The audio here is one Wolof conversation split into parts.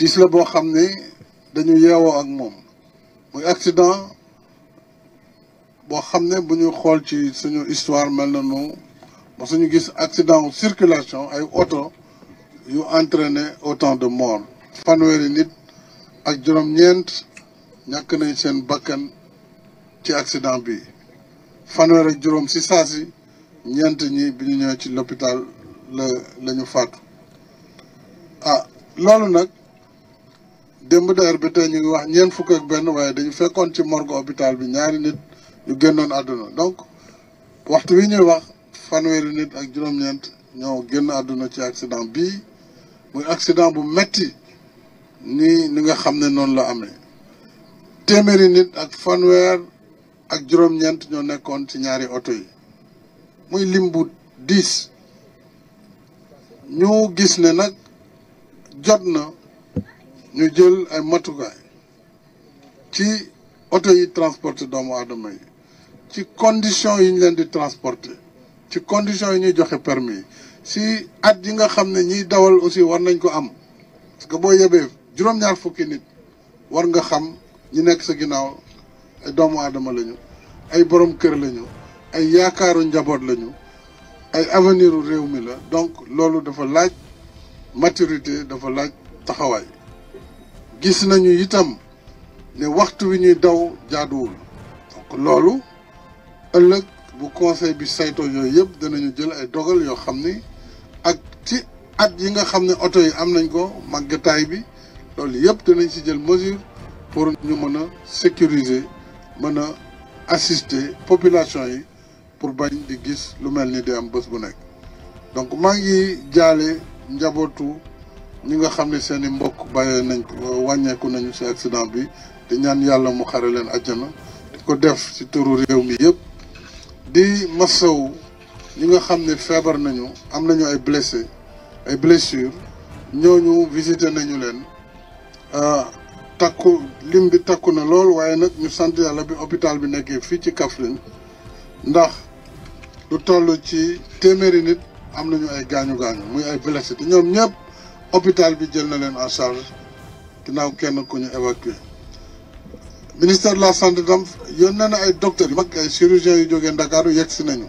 tiis la boo xam ne dañu yeewoo ak moom muy accident boo xam ne bu ñu xool ci suñu histoire mel na noonu ba suñu gis accident wu circulation ay oto yu entraîné autant de morts fanweeri nit ak juróom-ñeent ñàkk nañ seen bakkan ci accident bi fanweer ak juróom si saa si ñeent ñi bi ñu ñëwee ci l'hôpital la la ñu ah loolu nag démb deer bi tey ñu ngi wax ñeent fukk ak benn waaye dañu fekkoon ci morgue hôpital bi ñaari nit ñu génnoon àdduna donc waxtu wi ñuy wax fanweeri nit ak juróom-ñeent ñoo génn àdduna ci accident bii muy accident bu metti ni ni nga xam ne noonu la amee téeméeri nit ak fanweer ak juróom-ñeent ñoo nekkoon ci ñaari oto yi muy lim bu diis ñu gis ne nag jot na ñu jël ay matukaay ci oto yi transporte doomu aadama yi ci condition yi ñu leen di transporte ci condition yi ñuy joxe permis si at yi nga xam ne ñiy dawal aussi war nañ ko am parce que boo yebee juróom-ñaar fukki nit war nga xam ñi nekk sa ginnaaw doomu aadama lañu ay borom kër lañu ay yaakaaru njaboot lañu ay avenir réew mi la donc loolu dafa laaj maturité dafa laaj taxawaay gis nañu itam ne waxtu wi ñuy daw jaaduwul donc loolu ëllëg bu conseil bi sayto yooyu yëpp danañu jël ay dogal yoo xam ni ak ci at yi nga xam ne oto yi am nañ ko màggataay bi loolu yëpp danañ ci jël mesure pour ñu mën a sécuriser mën a assister population yi pour bañ di gis lu mel ni di am bés bu nekk donc maa ngi jaale njabootu ñi nga xam ne seeni mbokk bàyyee nañ ko wàññeeku nañu ci accident bi di ñaan yàlla mu xare leen àjjana di ko def ci turu réew mi yëpp di masaw ñi nga xam ne feebar nañu am nañu ay blessé ay blessure ñu visité nañu leen ah, takku lim bi takku na lool waaye nag ñu sant yàlla bi hôpital bi nekkee fii ci Kaffrine ndax lu toll ci téeméeri nit am nañu ay gaañu gaañu muy ay blessé te ñoom ñëpp hôpital bi jël na leen en charge ginnaaw kenn ku ñu évacué ministère de la santé tam yónnee na ay docteurs yu mag ay chirurgiens yu jógee Ndakaaru yegg si nañu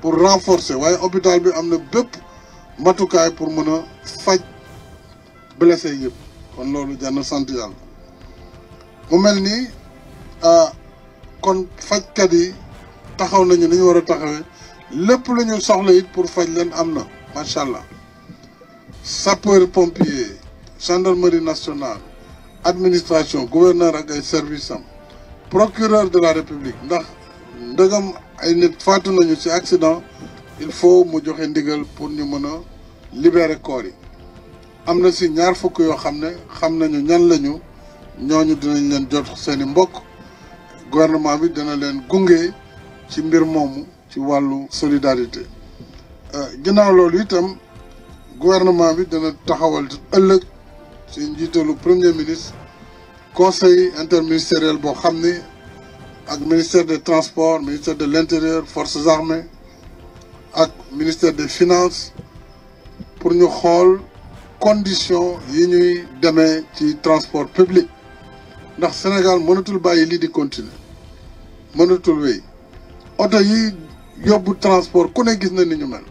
pour renforcer waaye hôpital bi am na bépp matukaay pour mën faj blessé yëpp kon loolu jànn sant yàlla mu mel nii kon fajkat yi taxaw nañu ni ñu war a taxawee lépp lu soxla it pour faj leen am na macha allah. sapeur pompier gendarmerie nationale administration gouverneur ak ay service am procureur de la république ndax ndëgam ay nit faatu nañu ci accident il faut mu joxe ndigal pour ñu mën a libérer corps yi am na si ñaar fukk yoo xam ne xam nañu ñan lañu ñooñu dinañ leen jot seeni mbokk gouvernement bi dina leen gunge ci mbir moomu ci wàllu solidarité euh, ginnaaw loolu itam gouvernement bi dana taxawal ëllëg ci njiitalu premier ministre conseil interministériel boo xam ni ak ministère des transport ministère de l'intérieur forces armées ak ministère des finances pour ñu xool condition yi ñuy demee ci transport public ndax Sénégal mënatul bàyyi lii di continuer mënatul wéy oto yi yóbbu transport ku ne gis na ni ñu mel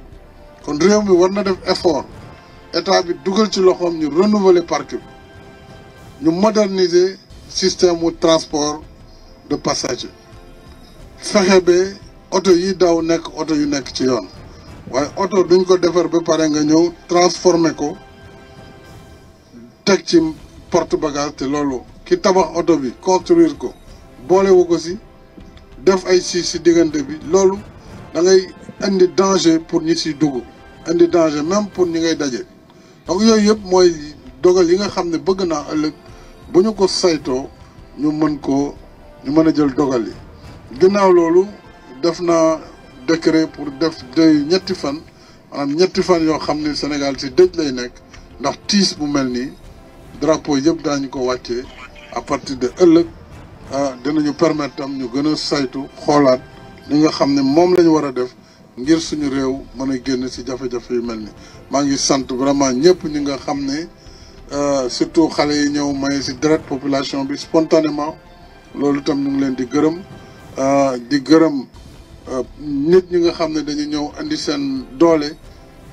kon réew mi war na def effort état bi dugal ci loxoom ñu renouveler parc bi ñu moderniser système mu transport de passager fexe ba oto yi daw nekk oto yu nekk ci yoon waaye oto duñ ko defar ba pare nga ñëw transformer ko teg ci porte bagage te loolu ki tabax oto bi construire ko boolewu ko si def ay si si diggante bi loolu da ngay indi danger pour ñi si dugg indi danger même pour ñi ngay daje donc yooyu yëpp mooy dogal yi nga xam ne bëgg naa ëllëg bu ñu ko saytoo ñu mën ko ñu mën a jël dogal yi ginnaaw loolu def naa décret pour def dëy ñetti fan maanaam ñetti fan yoo xam ne Sénégal ci dëj lay nekk ndax tiis bu mel nii drapeau yëpp daañu ko wàccee à partir de ëllëg ah, dinañu permettre tam ñu gën a saytu xoolaat li nga xam ne moom lañu ñu war a def ngir suñu réew mën a génn ci jafe-jafe yu mel ni maa ngi sant vraiment ñëpp ñi nga xam ne euh, surtout xale yi ñëw may ci direct population bi spontanément loolu itam ñu ngi leen di gërëm euh, di gërëm euh, nit ñi nga xam ne dañu ñëw indi seen doole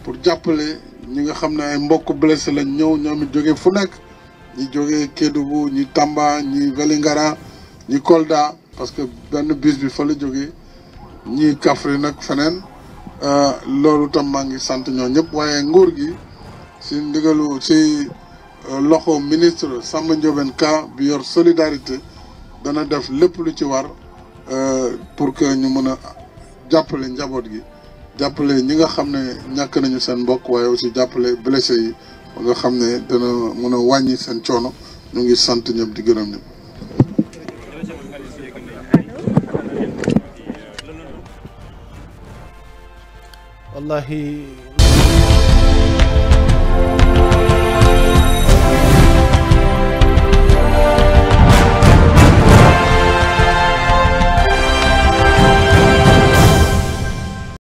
pour jàppale ñi nga xam ne ay mbokk blessé lañ ñëw ñoom it jógee fu nekk ñi jógee Kédougou ñu Tamba ñi Vélingara ñi Kolda parce que benn bis bi fa la jóge ñi Kaffrine nag feneen Euh, loolu tam maa ngi sant ñoo ñëpp waaye nguur gi si ndigalu si euh, loxo ministre Samba Ndiobène Ka bi yor solidarité dana def lépp lu ci war euh, pour que ñu mën a jàppale njaboot gi jàppale ñi nga xam ne ñàkk nañu seen mbokk waaye aussi jàppale blessé yi ba nga xam ne dana mën a wàññi seen coono ñu ngi sant ñëpp di gërëm ñëpp والله